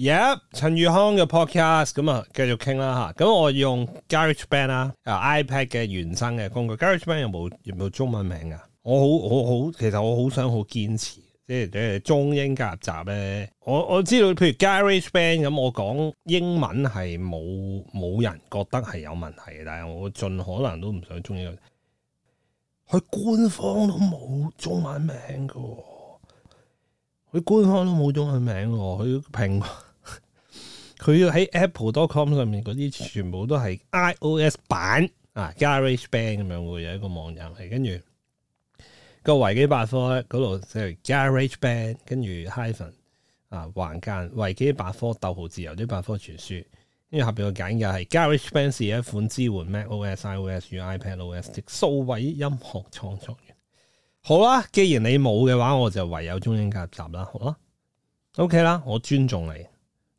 耶！Yeah, 陳宇康嘅 podcast 咁啊，繼續傾啦吓，咁我用 GarageBand 啦，iPad 嘅原生嘅工具。GarageBand 有冇有冇中文名㗎？我好我好，其實我好想好堅持，即係誒中英夾雜咧。我我知道，譬如 GarageBand 咁，我講英文係冇冇人覺得係有問題嘅，但係我盡可能都唔想中英。佢官方都冇中文名嘅喎。哦，佢官方都冇中文名喎。哦，佢平。佢要喺 apple.com 上面嗰啲全部都係 iOS 版啊，GarageBand 咁樣會有一個網站，係跟住個維基百科咧嗰度就 GarageBand 跟住 hyphen 啊橫間維基百科逗號自由啲百科全書，跟住下邊我揀嘅係 GarageBand 是一款支援 macOS、iOS 與 iPadOS 即數位音樂創作員。好啦，既然你冇嘅話，我就唯有中英夾雜啦。好啦，OK 啦，我尊重你。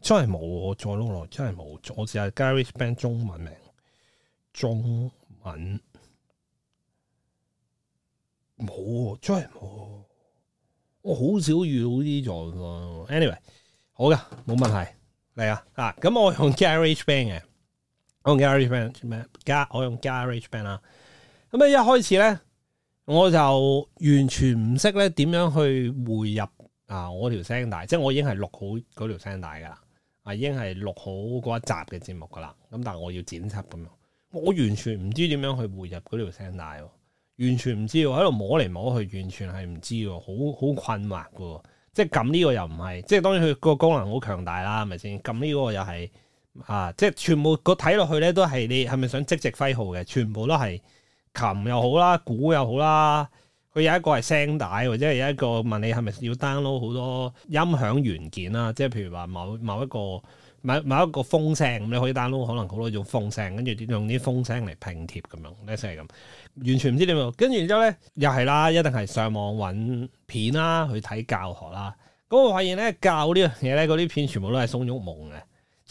真係冇，我再撈落，真係冇。我試下 Garage Band 中文名，中文冇，真係冇。我好少遇到呢啲種咯。Anyway，好噶，冇問題嚟啊！啊，咁我用 Garage Band 嘅，我用 Garage Band 咩？加我用 Garage Band 啦。咁啊，一開始咧，我就完全唔識咧點樣去匯入啊！我條聲帶，即係我已經係錄好嗰條聲帶噶啦。啊，已經係錄好嗰一集嘅節目噶啦，咁但係我要剪輯咁樣，我完全唔知點樣去匯入嗰條聲帶，完全唔知喎，喺度摸嚟摸去，完全係唔知喎，好好困惑嘅，即係撳呢個又唔係，即係當然佢個功能好強大啦，係咪先？撳呢個又係啊，即係全部個睇落去咧都係你係咪想即席揮毫嘅？全部都係琴又好啦，鼓又好啦。佢有一個係聲帶，或者係有一個問你係咪要 download 好多音響元件啦，即係譬如話某某一個某某一個風聲，你可以 download 可能好多種風聲，跟住用啲風聲嚟拼貼咁樣，咧即係咁，完全唔知點樣。跟住然之後咧，又係啦，一定係上網揾片啦，去睇教學啦。咁我發現咧，教呢樣嘢咧，嗰啲片全部都係鬆郁矇嘅。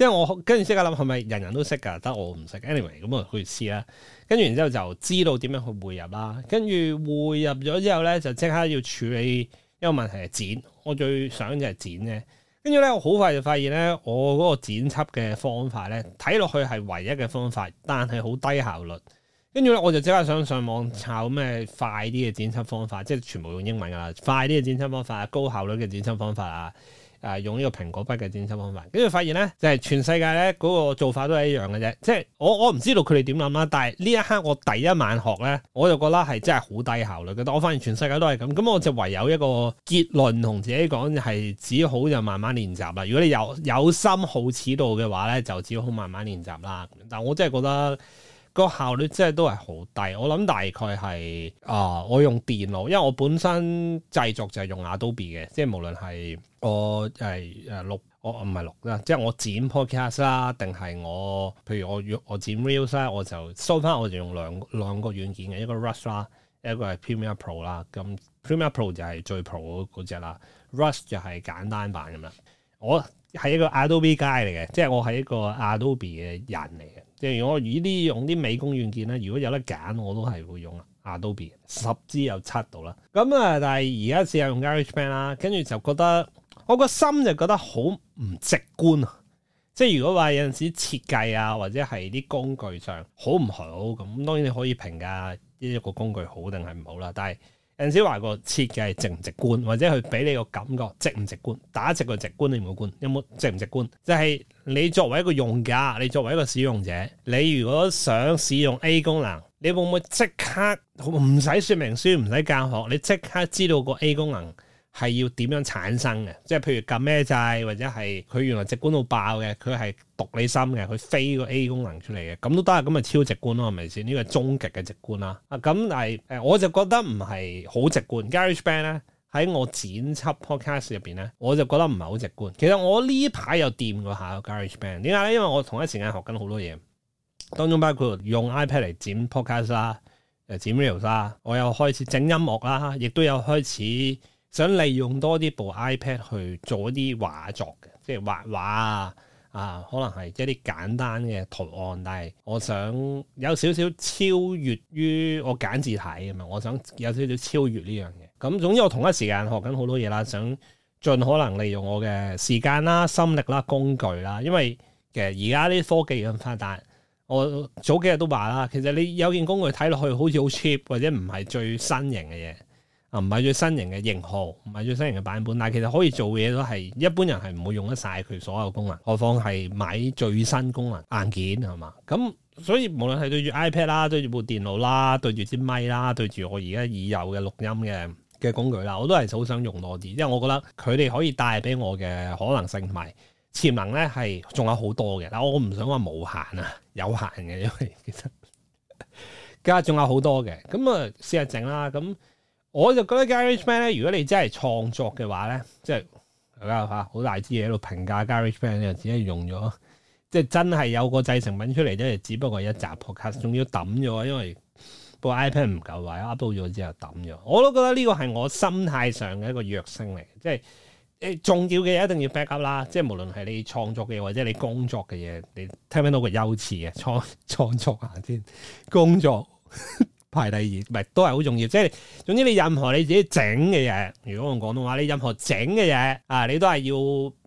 即係我跟住即刻諗，係咪人人都識噶？得我唔識。anyway，咁我去試啦。跟住然之後就知道點樣去匯入啦。跟住匯入咗之後咧，就即刻要處理一個問題係剪。我最想就係剪咧。跟住咧，我好快就發現咧，我嗰個剪輯嘅方法咧，睇落去係唯一嘅方法，但係好低效率。跟住咧，我就即刻想上網抄咩快啲嘅剪輯方法，即係全部用英文噶啦，快啲嘅剪輯方法，高效率嘅剪輯方法啊！啊！用呢個蘋果筆嘅剪輯方法，跟住發現咧，就係、是、全世界咧嗰、那個做法都係一樣嘅啫。即係我我唔知道佢哋點諗啦，但係呢一刻我第一晚學咧，我就覺得係真係好低效率。我發現全世界都係咁，咁我就唯有一個結論同自己講，係只好就慢慢練習啦。如果你有有心好恥度嘅話咧，就只好慢慢練習啦。但我真係覺得，個效率真係都係好低，我諗大概係啊，我用電腦，因為我本身製作就係用 Adobe 嘅，即係無論係我係誒、呃、錄我唔係錄啦，即係我剪 podcast 啦，定係我譬如我我剪 reels 啦，我就收返我就用兩兩個軟件嘅，一個 Rush 啦，一個係 Premiere Pro 啦，咁 Premiere Pro 就係最 pro 嗰隻啦，Rush 就係簡單版咁啦。我係一個 Adobe guy 嚟嘅，即係我係一個 Adobe 嘅人嚟嘅。正如我以啲用啲美工軟件咧，如果有得揀，我都係會用啊。Adobe 十支有七度啦，咁啊，但係而家試下用 Illustrator 啦，跟住就覺得我個心就覺得好唔直觀啊！即係如果話有陣時設計啊，或者係啲工具上好唔好咁，當然你可以評價，呢一個工具好定係唔好啦，但係。人哋先話個設計係直唔直觀，或者佢俾你個感覺直唔直觀，打直個直觀你唔會觀，有冇直唔直觀？就係、是、你作為一個用家，你作為一個使用者，你如果想使用 A 功能，你會唔會即刻唔使說明書唔使教學，你即刻知道個 A 功能？係要點樣產生嘅？即係譬如撳咩掣，或者係佢原來直觀到爆嘅，佢係讀你心嘅，佢飛個 A 功能出嚟嘅，咁都得啊！咁咪超直觀咯，係咪先？呢個終極嘅直觀啦。啊，但係誒、呃，我就覺得唔係好直觀。Garage Band 咧，喺我剪輯 Podcast 入邊咧，我就覺得唔係好直觀。其實我 and, 呢排又掂過下 Garage Band，點解咧？因為我同一時間學緊好多嘢，當中包括用 iPad 嚟剪 Podcast 啦，誒、啊，剪 Reels 啦，我又開始整音樂啦，亦都有開始。想利用多啲部 iPad 去做一啲畫作嘅，即係畫畫啊，啊，可能係一啲簡單嘅圖案，但係我想有少少超越於我揀字體咁啊！我想有少少超越呢樣嘢。咁總之，我同一時間學緊好多嘢啦，想盡可能利用我嘅時間啦、心力啦、工具啦。因為其實而家啲科技咁發達，我早幾日都話啦，其實你有件工具睇落去好似好 cheap 或者唔係最新型嘅嘢。啊！唔係最新型嘅型號，唔係最新型嘅版本，但係其實可以做嘢都係一般人係唔會用得晒佢所有功能，何況係買最新功能硬件係嘛？咁所以無論係對住 iPad 啦，對住部電腦啦，對住支咪啦，對住我而家已有嘅錄音嘅嘅工具啦，我都係好想用多啲，因為我覺得佢哋可以帶俾我嘅可能性同埋潛能咧係仲有好多嘅，但我唔想話無限啊，有限嘅，因為其實家 仲有好多嘅，咁啊試下整啦，咁。我就覺得 Garage Band 咧，如果你真係創作嘅話咧，即係大家嚇好大支嘢喺度評價 Garage Band 咧，只係用咗，即係真係有個製成品出嚟咧，只不過一集 Podcast 仲要抌咗，因為部 iPad 唔夠位 u p l o a d 咗之後抌咗。我都覺得呢個係我心態上嘅一個弱聲嚟，即係誒、呃、重要嘅嘢一定要 backup 啦。即係無論係你創作嘅或者你工作嘅嘢，你聽唔聽到個優次嘅，創創作下先，工作。 排第二，唔係都係好重要。即係總之，你任何你自己整嘅嘢，如果用廣東話，你任何整嘅嘢啊，你都係要。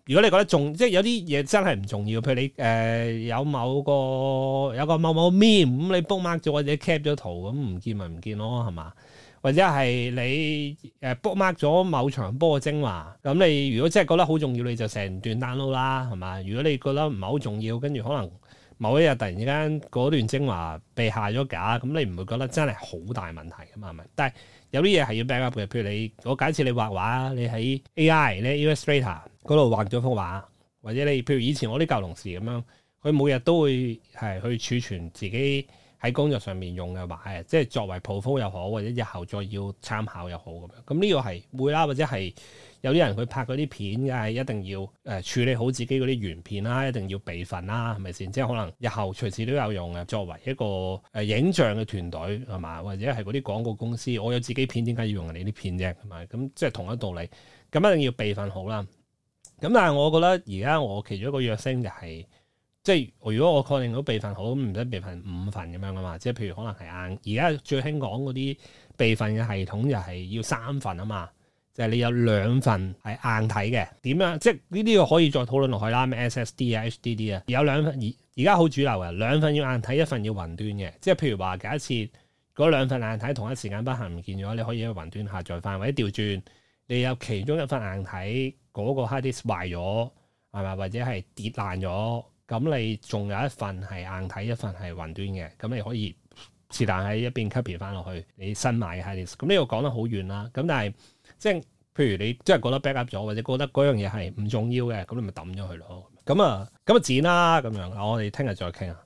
如果你覺得重，即係有啲嘢真係唔重要，譬如你誒、呃、有某個有個某某 memo 咁，你 bookmark 咗或者 cap 咗圖咁唔見咪唔見咯，係嘛？或者係你誒 bookmark 咗某場波嘅精華，咁你如果真係覺得好重要，你就成段 download 啦，係嘛？如果你覺得唔係好重要，跟住可能。某一日突然之間嗰段精華被下咗架，咁你唔會覺得真係好大問題㗎嘛？係咪？但係有啲嘢係要 backup 嘅，譬如你我假設你畫畫，你喺 AI 咧 Illustrator 嗰度畫咗幅畫，或者你譬如以前我啲舊同事咁樣，佢每日都會係去儲存自己。喺工作上面用嘅話，即係作為 p r o 又好，或者日後再要參考又好咁樣。咁呢個係會啦，或者係有啲人佢拍嗰啲片，係一定要誒、呃、處理好自己嗰啲原片啦，一定要備份啦，係咪先？即係可能日後隨時都有用嘅，作為一個誒、呃、影像嘅團隊係嘛，或者係嗰啲廣告公司，我有自己片，點解要用你啲片啫？係咪？咁即係同一道理，咁一定要備份好啦。咁但係我覺得而家我其中一個弱星就係、是。即係如果我確定到備份好，唔使備份五份咁樣噶嘛？即係譬如可能係硬，而家最興講嗰啲備份嘅系統就係要三份啊嘛。就係你有兩份係硬體嘅，點樣？即係呢啲可以再討論落去啦。咩 SSD 啊、HDD 啊，有兩份而而家好主流嘅，兩份要硬體，一份要雲端嘅。即係譬如話，假設嗰兩份硬體同一時間不幸唔見咗，你可以喺雲端下載翻，或者調轉你有其中一份硬體嗰個 hard disk 壞咗，係咪？或者係跌爛咗？咁你仲有一份係硬體，一份係雲端嘅，咁你可以是但喺一邊 copy 翻落去，你新買嘅系列。咁呢個講得好遠啦，咁但係即係譬如你真係覺得 back up 咗，或者覺得嗰樣嘢係唔重要嘅，咁你咪抌咗佢咯。咁啊，咁啊剪啦，咁樣我哋聽日再傾啊。